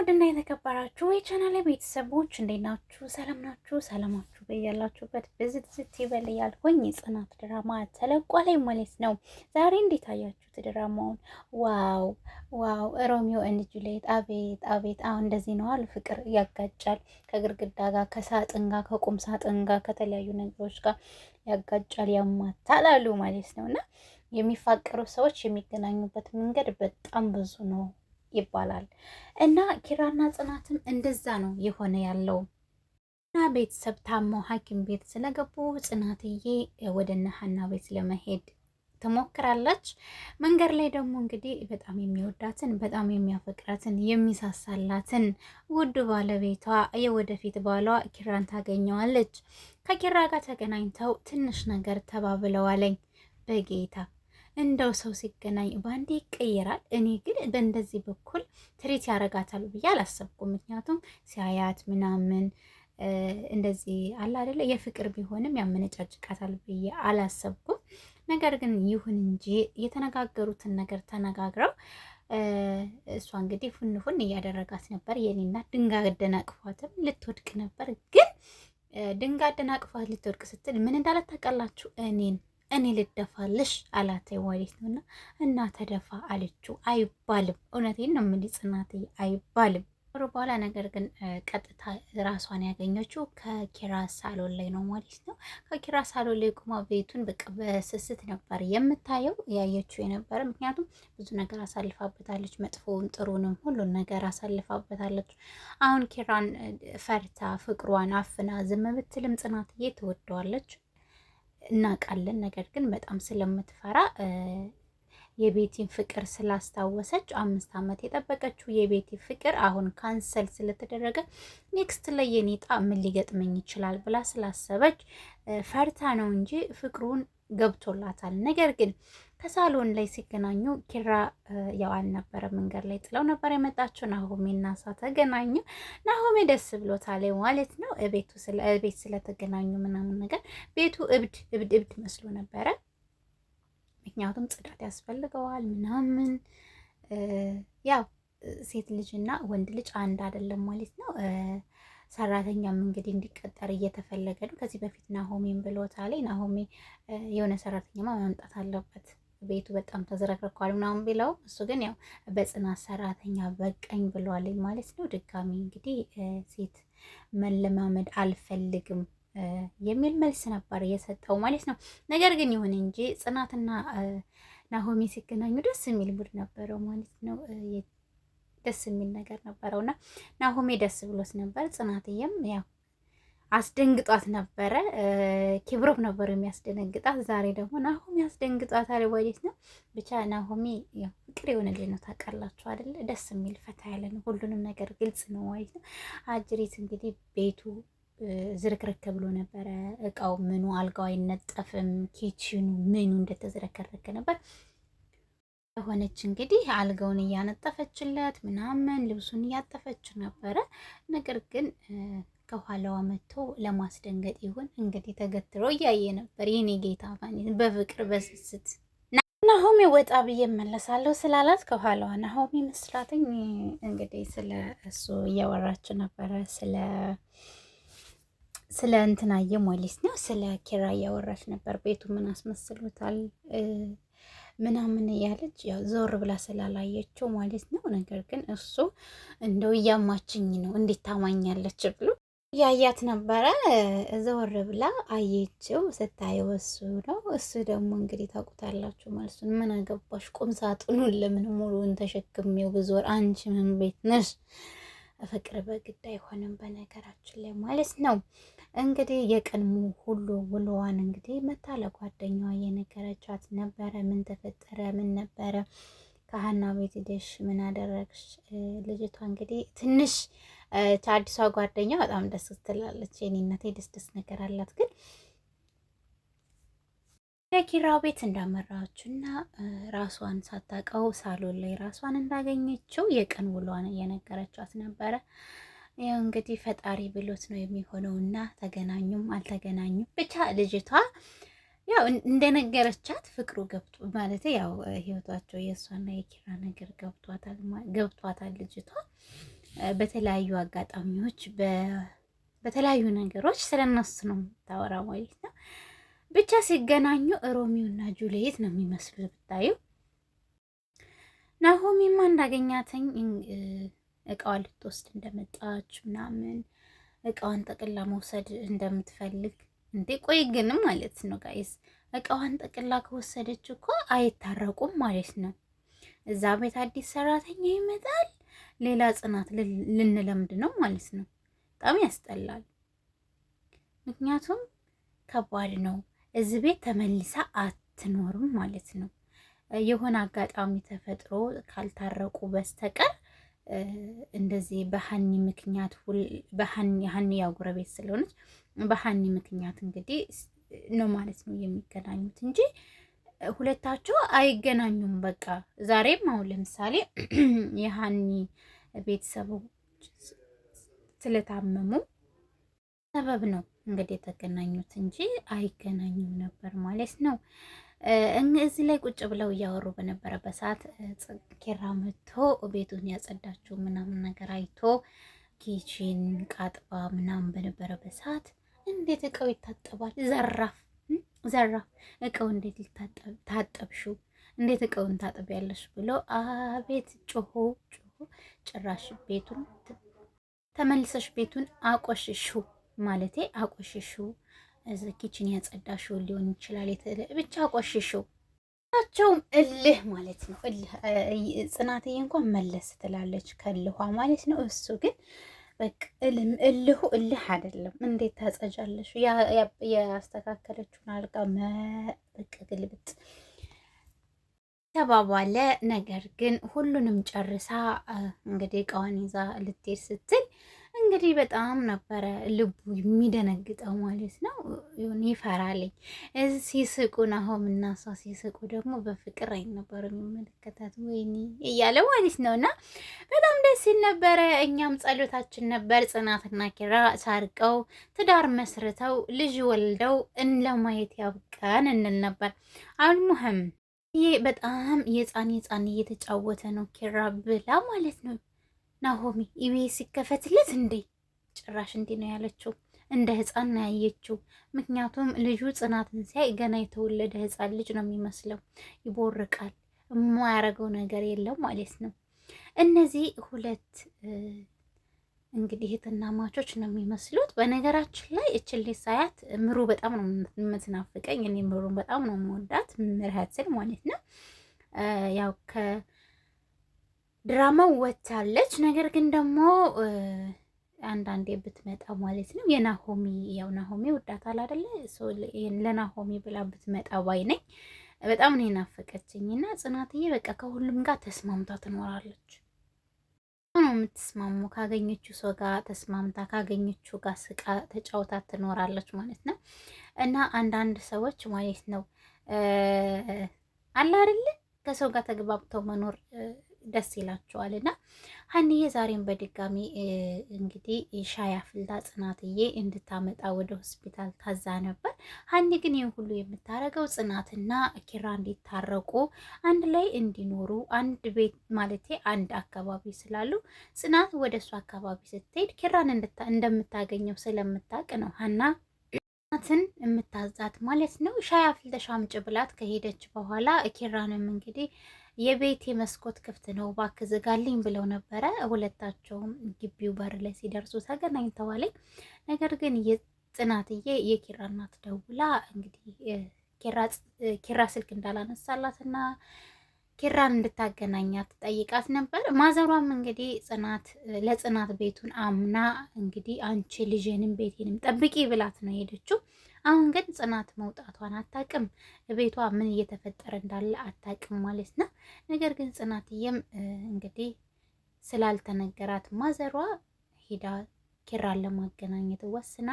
ውድና የተከበራችሁ የቻናል ቤተሰቦች እንዴት ናችሁ? ሰላም ናችሁ? ሰላማችሁ በያላችሁበት ብዝት ዝት ይበል ያልኩኝ የጽናት ድራማ ተለቋል ማለት ነው። ዛሬ እንዴት አያችሁት ድራማውን? ዋው ዋው! ሮሚዮ ኤንድ ጁሊየት አቤት አቤት! አሁን እንደዚህ ነው አሉ። ፍቅር ያጋጫል። ከግርግዳ ጋር፣ ከሳጥን ጋር፣ ከቁም ሳጥን ጋር፣ ከተለያዩ ነገሮች ጋር ያጋጫል፣ ያማታል አሉ ማለት ነው እና የሚፋቀሩ ሰዎች የሚገናኙበት መንገድ በጣም ብዙ ነው ይባላል። እና ኪራና ጽናትም እንደዛ ነው የሆነ ያለው እና ቤተሰብ ታሞ ሐኪም ቤት ስለገቡ ጽናትዬ ወደ እነ ቤት ለመሄድ ትሞክራለች። መንገድ ላይ ደግሞ እንግዲህ በጣም የሚወዳትን በጣም የሚያፈቅራትን የሚሳሳላትን ውዱ ባለቤቷ የወደፊት ባሏ ኪራን ታገኘዋለች። ከኪራ ጋር ተገናኝተው ትንሽ ነገር ተባብለዋለኝ በጌታ እንደው ሰው ሲገናኝ በአንዴ ይቀየራል። እኔ ግን በእንደዚህ በኩል ትሪት ያደርጋታል ብዬ አላሰብኩም። ምክንያቱም ሲያያት ምናምን እንደዚህ አለ አይደለ የፍቅር ቢሆንም ያመነጫጭቃታል ብዬ አላሰብኩም። ነገር ግን ይሁን እንጂ የተነጋገሩትን ነገር ተነጋግረው እሷ እንግዲህ ፉንፉን እያደረጋት ነበር። የኔና ድንጋይ አደናቅፏትም ልትወድቅ ነበር። ግን ድንጋይ አደናቅፏት ልትወድቅ ስትል ምን እንዳላት ታውቃላችሁ? እኔን እኔ ልደፋልሽ አላት ወዴት ነውና እና ተደፋ አለችው። አይባልም እውነቴን ነው የምልህ አይባልም። ሮ በኋላ ነገር ግን ቀጥታ ራሷን ያገኘችው ከኪራ ሳሎን ላይ ነው ማለት ነው። ከኪራ ሳሎን ላይ ቁማ ቤቱን በቃ በስስት ነበር የምታየው ያየችው የነበረ ምክንያቱም ብዙ ነገር አሳልፋበታለች። መጥፎውን፣ ጥሩንም ሁሉን ነገር አሳልፋበታለች። አሁን ኪራን ፈርታ ፍቅሯን አፍና ዝም ብትልም ጽናትዬ ትወደዋለች። እናውቃለን። ነገር ግን በጣም ስለምትፈራ የቤቲን ፍቅር ስላስታወሰች አምስት ዓመት የጠበቀችው የቤቲ ፍቅር አሁን ካንሰል ስለተደረገ ኔክስት ላይ የኔጣ ምን ሊገጥመኝ ይችላል ብላ ስላሰበች ፈርታ ነው እንጂ ፍቅሩን ገብቶላታል። ነገር ግን ከሳሎን ላይ ሲገናኙ ኪራ ያው አልነበረ መንገድ ላይ ጥለው ነበር የመጣችው። ናሆሜ እና እሷ ተገናኙ። ናሆሜ ደስ ብሎታል ማለት ነው። ቤቱ ቤት ስለተገናኙ ምናምን ነገር ቤቱ እብድ እብድ እብድ መስሎ ነበረ። ምክንያቱም ጽዳት ያስፈልገዋል ምናምን ያው ሴት ልጅ እና ወንድ ልጅ አንድ አይደለም ማለት ነው። ሰራተኛም እንግዲህ እንዲቀጠር እየተፈለገ ነው። ከዚህ በፊት ናሆሜን ብሎታል። ናሆሜ የሆነ ሰራተኛማ መምጣት አለበት ቤቱ በጣም ተዝረክርኳል ምናምን ቢለው እሱ ግን ያው በጽናት ሰራተኛ በቀኝ ብሏል ማለት ነው። ድጋሚ እንግዲህ ሴት መለማመድ አልፈልግም የሚል መልስ ነበር እየሰጠው ማለት ነው። ነገር ግን ይሁን እንጂ ጽናትና ናሆሚ ሲገናኙ ደስ የሚል ሙድ ነበረው ማለት ነው። ደስ የሚል ነገር ነበረውና ናሆሜ ደስ ብሎት ነበር። ጽናትዬም ያው አስደንግጧት ነበረ። ኪብሮም ነበር የሚያስደነግጣት። ዛሬ ደግሞ ናሆሚ ያስደንግጧታል ማለት ነው። ብቻ ናሆሚ ፍቅር የሆነልኝ ነው ታውቃላችሁ አይደለ? ደስ የሚል ፈታ ያለ ነው። ሁሉንም ነገር ግልጽ ነው ማለት ነው። አጅሪት እንግዲህ ቤቱ ዝርክርክ ብሎ ነበረ። እቃው ምኑ፣ አልጋው አይነጠፍም፣ ኪችኑ ምኑ እንደተዝረከረከ ነበር። ሆነች እንግዲህ አልጋውን እያነጠፈችለት ምናምን ልብሱን እያጠፈች ነበረ ነገር ግን ከኋላዋ መጥቶ ለማስደንገጥ ይሆን እንግዲህ ተገትሮ እያየ ነበር። የኔ ጌታ ፋኒ በፍቅር በስስት ናሆሚ ወጣ ብዬ መለሳለሁ ስላላት ከኋላዋ ናሆሚ መስላትኝ እንግዲህ ስለ እሱ እያወራችው ነበረ ስለ ስለ እንትናየ ሞሊስ ነው ስለ ኪራ እያወራች ነበር። ቤቱ ምን አስመስሎታል ምናምን እያለች ያው ዞር ብላ ስላላየችው ማለት ነው። ነገር ግን እሱ እንደው እያማችኝ ነው እንዴት ታማኛለች ብሎ ያያት ነበረ። ዘወር ብላ አየችው። ስታየው እሱ ነው። እሱ ደግሞ እንግዲህ ታውቁታላችሁ መልሱን። ምን አገባሽ? ቁም ሳጥኑን ለምን ሙሉውን ተሸክሜው ወር አንቺ ምን ቤት ነሽ? ፍቅር በግድ አይሆንም በነገራችን ላይ ማለት ነው። እንግዲህ የቀድሞ ሁሉ ውሎዋን እንግዲህ መታ ለጓደኛዋ የነገረቻት ነበረ። ምን ተፈጠረ? ምን ነበረ? ከሀና ቤት ሄደሽ ምን አደረግሽ? ልጅቷ እንግዲህ ትንሽ አዲሷ ጓደኛ በጣም ደስ ትላለች። የኔነቴ ደስ ደስ ነገር አላት። ግን የኪራው ቤት እንዳመራችና ራሷን ሳታቀው ሳሎን ላይ ራሷን እንዳገኘችው የቀን ውሏን እየነገረችዋት ነበረ። ያው እንግዲህ ፈጣሪ ብሎት ነው የሚሆነው እና ተገናኙም አልተገናኙም ብቻ ልጅቷ ያው እንደነገረቻት ፍቅሩ ገብቶ ማለት ያው ህይወታቸው የእሷና የኪራ ነገር ገብቷታል ገብቷታል ልጅቷ በተለያዩ አጋጣሚዎች በተለያዩ ነገሮች ስለነሱ ነው የምታወራ ማለት ነው። ብቻ ሲገናኙ ሮሚዮ እና ጁልየት ነው የሚመስሉ ብታዩ። ናሆሚማ እንዳገኛተኝ እቃዋ ልትወስድ እንደመጣች ምናምን እቃዋን ጠቅላ መውሰድ እንደምትፈልግ እንዴ፣ ቆይ ግን ማለት ነው ጋይስ፣ እቃዋን ጠቅላ ከወሰደች እኮ አይታረቁም ማለት ነው። እዛ ቤት አዲስ ሰራተኛ ይመጣል ሌላ ጽናት ልንለምድ ነው ማለት ነው። በጣም ያስጠላል። ምክንያቱም ከባድ ነው። እዚህ ቤት ተመልሳ አትኖርም ማለት ነው። የሆነ አጋጣሚ ተፈጥሮ ካልታረቁ በስተቀር እንደዚህ በሀኒ ምክንያት ሀኒ ያው ጎረቤት ስለሆነች በሀኒ ምክንያት እንግዲህ ነው ማለት ነው የሚገናኙት እንጂ ሁለታቸው አይገናኙም። በቃ ዛሬም አሁን ለምሳሌ የሀኒ ቤተሰቦች ስለታመሙ ሰበብ ነው እንግዲህ የተገናኙት እንጂ አይገናኙም ነበር ማለት ነው። እዚህ ላይ ቁጭ ብለው እያወሩ በነበረበት ሰዓት ኪራ መጥቶ ቤቱን ያጸዳችው ምናምን ነገር አይቶ ኪችን ቃጥባ ምናምን በነበረበት ሰዓት እንዴት እቃው ይታጠባል ዘራፍ ዘራ እቃው እንዴት ታጠብሹ እንዴት እቃውን ታጠብ ያለሽ ብሎ አቤት ጮሆ ጮሆ ጭራሽ ቤቱን ተመልሰሽ ቤቱን አቆሽሹ ማለቴ አቆሽሹ እዚ ኪችን ያጸዳሹ ሊሆን ይችላል። ብቻ አቆሽሹ ቸውም እልህ ማለት ነው። ጽናትዬ እንኳን መለስ ትላለች ከልኋ ማለት ነው። እሱ ግን በቃ እልሁ እልህ አይደለም። እንዴት ታጸጃለሽ? ያስተካከለችውን አልጋ በቃ ግልብጥ ተባባለ። ነገር ግን ሁሉንም ጨርሳ እንግዲህ እቃዋን ይዛ ልትሄድ ስትል እንግዲህ በጣም ነበረ ልቡ የሚደነግጠው ማለት ነው። ይሁን ይፈራልኝ። ሲስቁ ናሆም እና እሷ ሲስቁ ደግሞ በፍቅር አይን ነበር የሚመለከታት ወይኔ እያለ ማለት ነው። እና በጣም ደስ ሲል ነበረ። እኛም ጸሎታችን ነበር ጽናትና ኪራ ሳርቀው ትዳር መስርተው ልጅ ወልደው እንለማየት ያብቃን እንል ነበር። አልሙህም ይህ በጣም የጻን የጻን እየተጫወተ ነው ኪራ ብላ ማለት ነው ናሆሚ ኢቢኤስ ይከፈትለት እንዴ? ጭራሽ እንዲ ነው ያለችው። እንደ ህፃን ነው ያየችው። ምክንያቱም ልጁ ጽናትን ሲያይ ገና የተወለደ ህፃን ልጅ ነው የሚመስለው። ይቦርቃል፣ የማያረገው ነገር የለም ማለት ነው። እነዚህ ሁለት እንግዲህ ማቾች ነው የሚመስሉት። በነገራችን ላይ እችል ሳያት ምሩ በጣም ነው የምትናፍቀኝ። እኔ ምሩን በጣም ነው የምወዳት፣ ምርሀትን ማለት ነው ያው ድራማው ወጥታለች። ነገር ግን ደግሞ አንዳንዴ ብትመጣ ማለት ነው የናሆሚ ያው ናሆሚ ወዳታል አደለ ለናሆሚ ብላ ብትመጣ ባይ ነኝ። በጣም ነው የናፈቀችኝ። እና ጽናትዬ በቃ ከሁሉም ጋር ተስማምታ ትኖራለች ነው የምትስማሙ። ካገኘችው ሰው ጋር ተስማምታ ካገኘችው ጋር ስቃ ተጫውታ ትኖራለች ማለት ነው። እና አንዳንድ ሰዎች ማለት ነው አለ አደለ ከሰው ጋር ተግባብተው መኖር ደስ ይላቸዋል። እና ሀኒዬ ዛሬም በድጋሚ እንግዲህ ሻይ አፍልታ ጽናትዬ እንድታመጣ ወደ ሆስፒታል ታዛ ነበር። ሀኒ ግን ይህን ሁሉ የምታረገው ጽናትና ኪራ እንዲታረቁ አንድ ላይ እንዲኖሩ አንድ ቤት ማለቴ አንድ አካባቢ ስላሉ ጽናት ወደ እሱ አካባቢ ስትሄድ ኪራን እንደምታገኘው ስለምታውቅ ነው ሀና ጽናትን የምታዛት ማለት ነው። ሻይ አፍልተሽ አምጪ ብላት ከሄደች በኋላ ኪራንም እንግዲህ የቤቴ መስኮት ክፍት ነው እባክህ ዝጋልኝ ብለው ነበረ። ሁለታቸውም ግቢው በር ላይ ሲደርሱ ተገናኝተዋል። ነገር ግን ጽናትዬ የኪራ እናት ደውላ እንግዲህ ኪራ ስልክ እንዳላነሳላት እና ኪራን እንድታገናኛት ጠይቃት ነበር። ማዘሯም እንግዲህ ጽናት ለጽናት ቤቱን አምና እንግዲህ አንቺ ልጄንም ቤቴንም ጠብቂ ብላት ነው የሄደችው። አሁን ግን ጽናት መውጣቷን አታቅም ቤቷ ምን እየተፈጠረ እንዳለ አታቅም ማለት ነው። ነገር ግን ጽናትዬም እንግዲህ ስላልተነገራት ማዘሯ ሄዳ ኪራን ለማገናኘት ወስና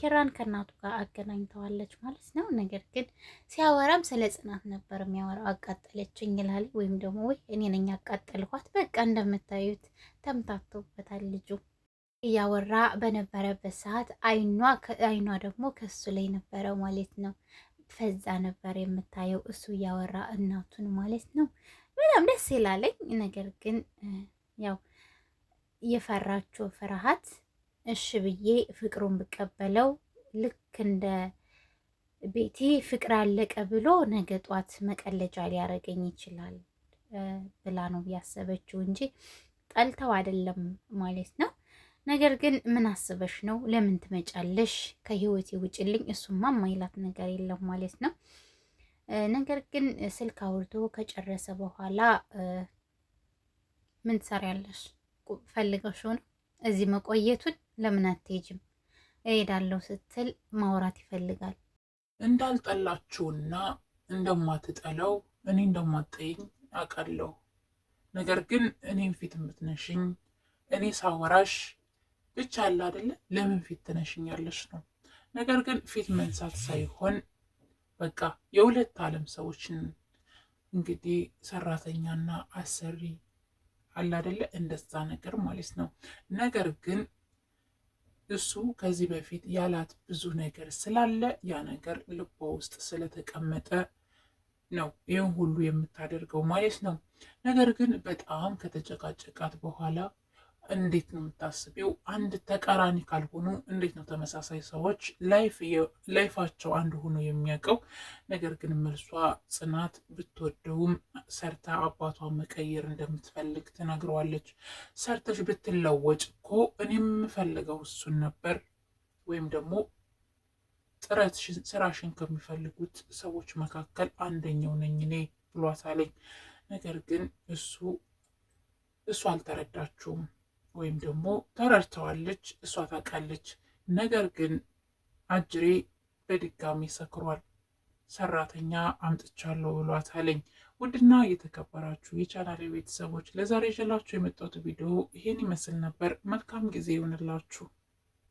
ኪራን ከእናቱ ጋር አገናኝተዋለች ማለት ነው። ነገር ግን ሲያወራም ስለ ጽናት ነበር የሚያወራው። አቃጠለችኝ ይላል ወይም ደግሞ ወይ እኔ ነኝ በቃ እንደምታዩት ተምታቶበታል ልጁ። እያወራ በነበረበት ሰዓት አይኗ ደግሞ ከሱ ላይ ነበረ ማለት ነው። ፈዛ ነበር የምታየው እሱ እያወራ እናቱን ማለት ነው። በጣም ደስ ይላለኝ። ነገር ግን ያው የፈራችው ፍርሃት እሺ ብዬ ፍቅሩን ብቀበለው ልክ እንደ ቤቴ ፍቅር አለቀ ብሎ ነገ ጧት መቀለጃ ሊያረገኝ ይችላል ብላ ነው ያሰበችው እንጂ ጠልተው አይደለም ማለት ነው። ነገር ግን ምን አስበሽ ነው? ለምን ትመጫለሽ? ከህይወቴ ውጭልኝ። እሱማ ማይላት ነገር የለም ማለት ነው። ነገር ግን ስልክ አውርቶ ከጨረሰ በኋላ ምን ትሰሪያለሽ? ፈልገሽ ሆነ እዚህ መቆየቱን ለምን አትሄጂም? እሄዳለሁ ስትል ማውራት ይፈልጋል። እንዳልጠላችሁና እንደማትጠለው እኔ እንደማትጠይኝ አውቃለሁ። ነገር ግን እኔም ፊት የምትነሽኝ እኔ ሳወራሽ ብቻ አለ አደለ፣ ለምን ፊት ትነሽኛለች ነው። ነገር ግን ፊት መንሳት ሳይሆን በቃ የሁለት ዓለም ሰዎችን እንግዲህ ሰራተኛና አሰሪ አለ አደለ፣ እንደዛ ነገር ማለት ነው። ነገር ግን እሱ ከዚህ በፊት ያላት ብዙ ነገር ስላለ ያ ነገር ልቧ ውስጥ ስለተቀመጠ ነው ይህን ሁሉ የምታደርገው ማለት ነው። ነገር ግን በጣም ከተጨቃጨቃት በኋላ እንዴት ነው የምታስቢው? አንድ ተቃራኒ ካልሆኑ እንዴት ነው ተመሳሳይ ሰዎች ላይፋቸው አንድ ሆኖ የሚያውቀው ነገር ግን መልሷ ጽናት ብትወደውም ሰርታ አባቷ መቀየር እንደምትፈልግ ተናግረዋለች። ሰርተሽ ብትለወጭ እኮ እኔ የምፈልገው እሱን ነበር ወይም ደግሞ ጥረት ስራሽን ከሚፈልጉት ሰዎች መካከል አንደኛው ነኝ እኔ ብሏታለኝ። ነገር ግን እሱ እሱ አልተረዳችውም። ወይም ደግሞ ተረድተዋለች፣ እሷ ታውቃለች። ነገር ግን አጅሬ በድጋሚ ሰክሯል። ሰራተኛ አምጥቻለሁ ብሏት አለኝ። ውድና የተከበራችሁ የቻናል ቤተሰቦች ለዛሬ ይዤላችሁ የመጣሁት ቪዲዮ ይህን ይመስል ነበር። መልካም ጊዜ ይሆንላችሁ።